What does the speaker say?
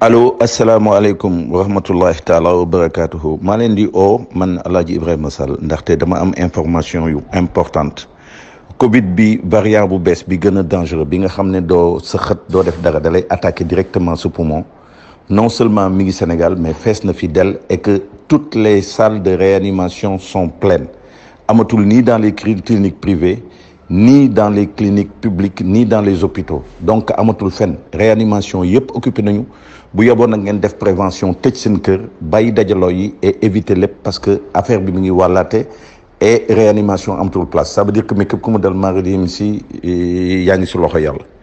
alo asalaamaaleykum wa rahmatullahi taala wa barakaatuhu maa leen di oo man alaaji Ibrahima Sall ndaxte dama am information yu importante covid bi variant bu bees bi gën a dangereux bi nga xam ne doo sa doo def dara dalay attaque directement su poumon non seulement mi ngi Sénégal mais fees na fi del et que toutes les salles de réanimation sont pleines amatul nii dans les cliniques privées ni dans les cliniques publiques ni dans les hôpitaux donc amatul fenn réanimation yëpp occupé nañu bu yeboon nag ngeen def prévention tëj seen kër bàyyi dajaloo yi et éviter lépp parce que affaire bi mu ngi wallaate et réanimation amatul place ça veut dire que mais képp ku mu dal maradimi si eh, yaa ngi si loxo yàlla